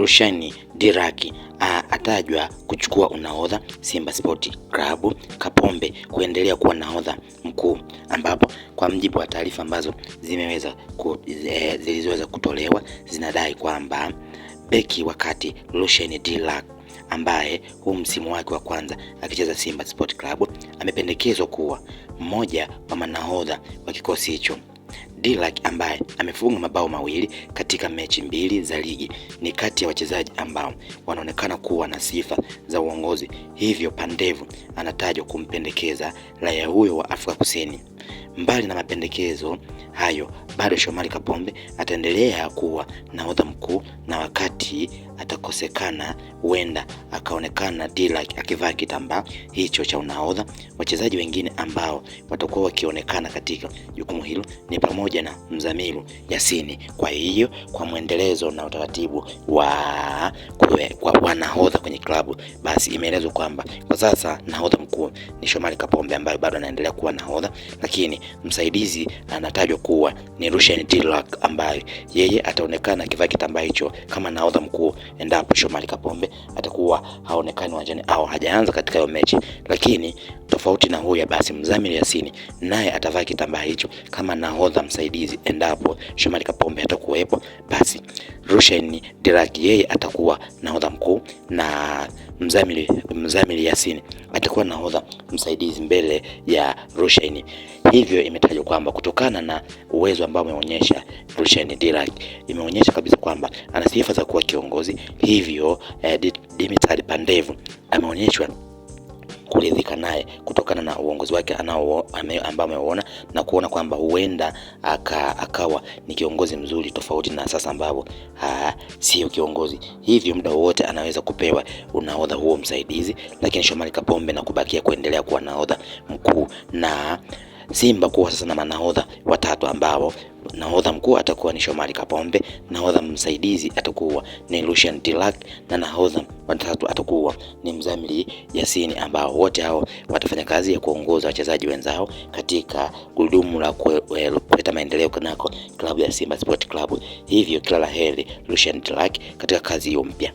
Rushine Diraki atajwa kuchukua unahodha Simba Sport Club, Kapombe kuendelea kuwa nahodha mkuu, ambapo kwa mjibu wa taarifa ambazo zimeweza ku, e, zilizoweza kutolewa zinadai kwamba beki wakati Rushine Diraki ambaye huu msimu wake wa kwanza akicheza Simba Sport Club amependekezwa kuwa mmoja wa manahodha wa kikosi hicho dilak ambaye amefunga mabao mawili katika mechi mbili za ligi ni kati ya wachezaji ambao wanaonekana kuwa na sifa za uongozi, hivyo Pandevu anatajwa kumpendekeza raia huyo wa Afrika Kusini. Mbali na mapendekezo hayo, bado Shomari Kapombe ataendelea kuwa nahodha mkuu, na wakati atakosekana, huenda akaonekana Dila akivaa kitambaa hicho cha unahodha. Wachezaji wengine ambao watakuwa wakionekana katika jukumu hilo ni pamoja na Mzamiru Yasini. Kwa hiyo kwa mwendelezo na utaratibu wa kwa wanahodha kwenye klabu, basi imeelezwa kwamba kwa sasa nahodha mkuu ni Shomari Kapombe ambaye bado anaendelea kuwa nahodha, lakini msaidizi anatajwa kuwa ni Rushine Tilak ambaye yeye ataonekana akivaa kitambaa hicho kama nahodha mkuu endapo Shomari Kapombe atakuwa haonekani uwanjani au hajaanza katika hiyo mechi, lakini tofauti na huyo basi mzamiri Yasini naye atavaa kitambaa hicho kama nahodha msaidizi endapo Shomari Kapombe atakuwepo Rushain Deragi, yeye atakuwa nahodha mkuu na Mzamili, Mzamili Yasin atakuwa nahodha msaidizi mbele ya Rushain. Hivyo imetajwa kwamba kutokana na uwezo ambao ameonyesha Rushain Deragi, imeonyesha kabisa kwamba ana sifa za kuwa kiongozi. Hivyo eh, Dimitar Pandev ameonyeshwa kuridhika naye kutokana na uongozi wake ambao ameuona na kuona kwamba huenda aka, akawa ni kiongozi mzuri tofauti na sasa ambavyo siyo kiongozi. Hivyo muda wowote anaweza kupewa unaodha huo msaidizi, lakini Shomari Kapombe na kubakia kuendelea kuwa naodha mkuu na Simba kuwa sasa na manahodha watatu ambao nahodha mkuu atakuwa ni Shomari Kapombe, nahodha msaidizi atakuwa ni Lucian Tilak na nahodha watatu atakuwa ni Mzamili Yasini, ambao wote hao watafanya kazi ya kuongoza wachezaji wenzao katika gurudumu la eh, kuleta maendeleo kunako klabu ya Simba Sport Club. Hivyo kila la heri Lucian Tilak katika kazi hiyo mpya.